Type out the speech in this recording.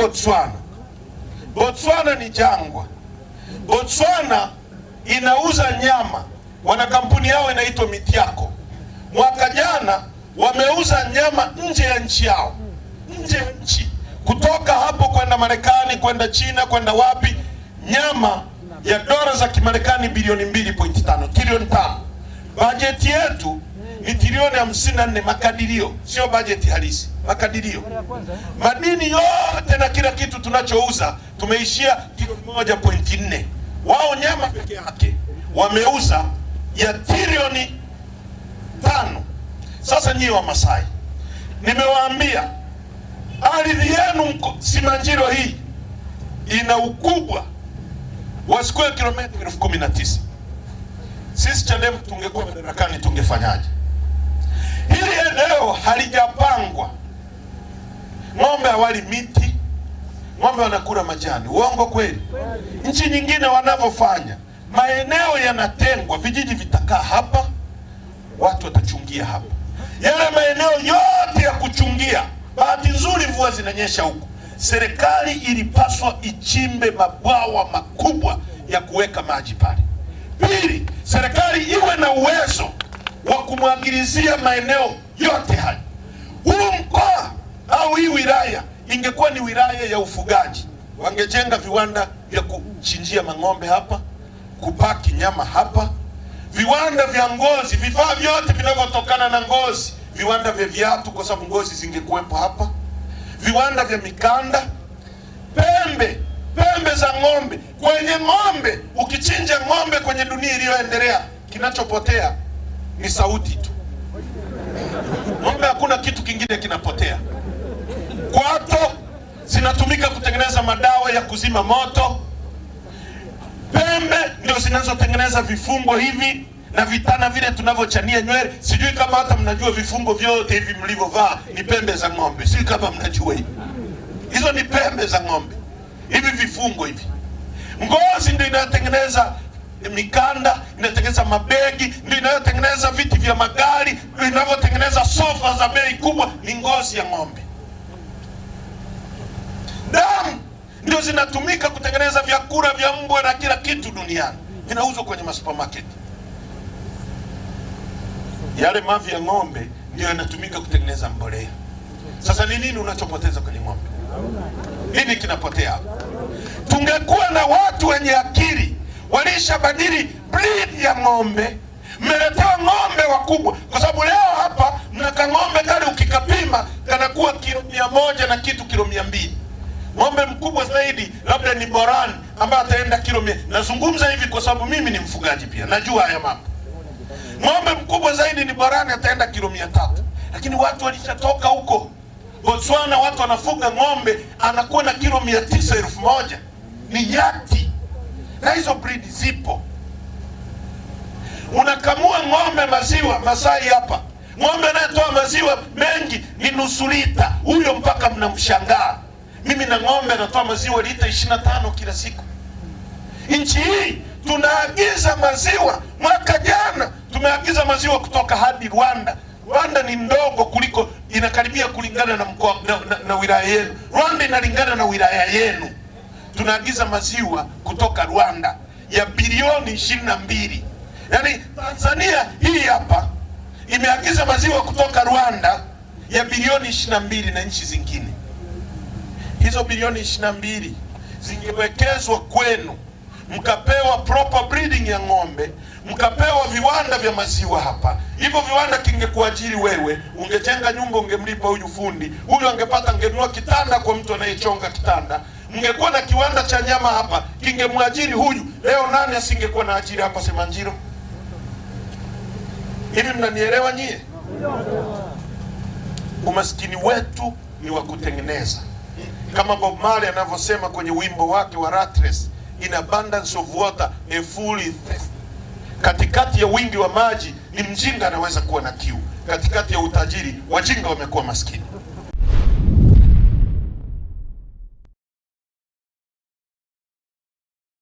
Botswana. Botswana ni jangwa. Botswana inauza nyama, wana kampuni yao inaitwa Mitiako. Mwaka jana wameuza nyama nje ya nchi yao, nje ya nchi, kutoka hapo kwenda Marekani, kwenda China, kwenda wapi, nyama ya dola za Kimarekani bilioni 2.5 trilioni 5 Bajeti yetu Bilioni hamsini na nne makadirio, sio bajeti halisi, makadirio. Madini yote na kila kitu tunachouza tumeishia kilo moja pointi nne. Wao nyama peke yake wameuza ya trilioni tano. Sasa nyie Wamasai, nimewaambia ardhi yenu Simanjiro hii ina ukubwa wa square kilometa elfu kumi na tisa. Sisi Chadema tungekuwa madarakani tungefanyaje? Hili eneo halijapangwa, ng'ombe hawali miti, ng'ombe wanakula majani. Uongo kweli? Nchi nyingine wanavyofanya, maeneo yanatengwa, vijiji vitakaa hapa, watu watachungia hapa, yale maeneo yote ya kuchungia. Bahati nzuri mvua zinanyesha huko, serikali ilipaswa ichimbe mabwawa makubwa ya kuweka maji pale. Pili, serikali iwe na uwezo wa kumwagilizia maeneo yote haya. Huu mkoa au hii wilaya ingekuwa ni wilaya ya ufugaji, wangejenga viwanda vya kuchinjia mang'ombe hapa, kupaki nyama hapa, viwanda vya ngozi, vifaa vyote vinavyotokana na ngozi, viwanda vya viatu kwa sababu ngozi zingekuwepo hapa, viwanda vya mikanda, pembe pembe za ng'ombe. Kwenye ng'ombe, ukichinja ng'ombe kwenye dunia iliyoendelea, kinachopotea ni sauti tu. Ng'ombe, hakuna kitu kingine kinapotea. Kwato zinatumika kutengeneza madawa ya kuzima moto, pembe ndio zinazotengeneza vifungo hivi na vitana vile tunavyochania nywele. Sijui kama hata mnajua vifungo vyote hivi mlivyovaa ni pembe za ng'ombe. Sijui kama mnajua hivi, hizo ni pembe za ng'ombe. Hivi vifungo hivi, ngozi ndio inayotengeneza mikanda, inatengeneza mabegi, vinavyotengeneza viti vya magari, vinavyotengeneza sofa za bei kubwa ni ngozi ya ng'ombe. Damu ndio zinatumika kutengeneza vyakula vya mbwa na kila kitu duniani, vinauzwa kwenye masupermarket. Yale mavi ya ng'ombe ndio yanatumika kutengeneza mbolea. Sasa ni nini unachopoteza kwenye ng'ombe? Nini kinapotea hapo? Tungekuwa na watu wenye akili walishabadili breed ya ng'ombe mmeletewa ng'ombe wakubwa, kwa sababu leo hapa mna kang'ombe kale ukikapima kanakuwa kilo mia moja na kitu, kilo mia mbili ng'ombe mkubwa zaidi labda ni Boran ambaye ataenda kilo mia. Nazungumza hivi kwa sababu mimi ni mfugaji pia, najua haya mambo. Ng'ombe mkubwa zaidi ni Boran ataenda kilo mia tatu, lakini watu walishatoka huko Botswana, watu wanafuga ng'ombe anakuwa na kilo mia tisa elfu moja ni nyati, na hizo breed zipo. Unakamua ng'ombe maziwa Masai hapa, ng'ombe anayetoa maziwa mengi ni nusu lita, huyo mpaka mnamshangaa. Mimi na ng'ombe anatoa maziwa lita ishirini na tano kila siku. Nchi hii tunaagiza maziwa, mwaka jana tumeagiza maziwa kutoka hadi Rwanda. Rwanda ni ndogo kuliko inakaribia kulingana na mkoa na, na, na wilaya yenu. Rwanda inalingana na wilaya yenu. Tunaagiza maziwa kutoka Rwanda ya bilioni ishirini na mbili. Yaani Tanzania hii hapa imeagiza maziwa kutoka Rwanda ya bilioni ishirini na mbili na nchi zingine. Hizo bilioni ishirini na mbili zingewekezwa kwenu, mkapewa proper breeding ya ng'ombe, mkapewa viwanda vya maziwa hapa. Hivyo viwanda kingekuajiri wewe, ungejenga nyumba, ungemlipa huyu fundi, huyu angepata, angenunua kitanda kwa mtu anayechonga kitanda mngekuwa na kiwanda cha nyama hapa, kingemwajiri huyu. Leo nani asingekuwa na ajira hapa Simanjiro? Hivi mnanielewa nyie? Umaskini wetu ni wa kutengeneza, kama Bob Marley anavyosema kwenye wimbo wake wa Rattles, in abundance of water a fool is thirsty. Katikati ya wingi wa maji ni mjinga anaweza kuwa na kiu, katikati ya utajiri wajinga wamekuwa maskini.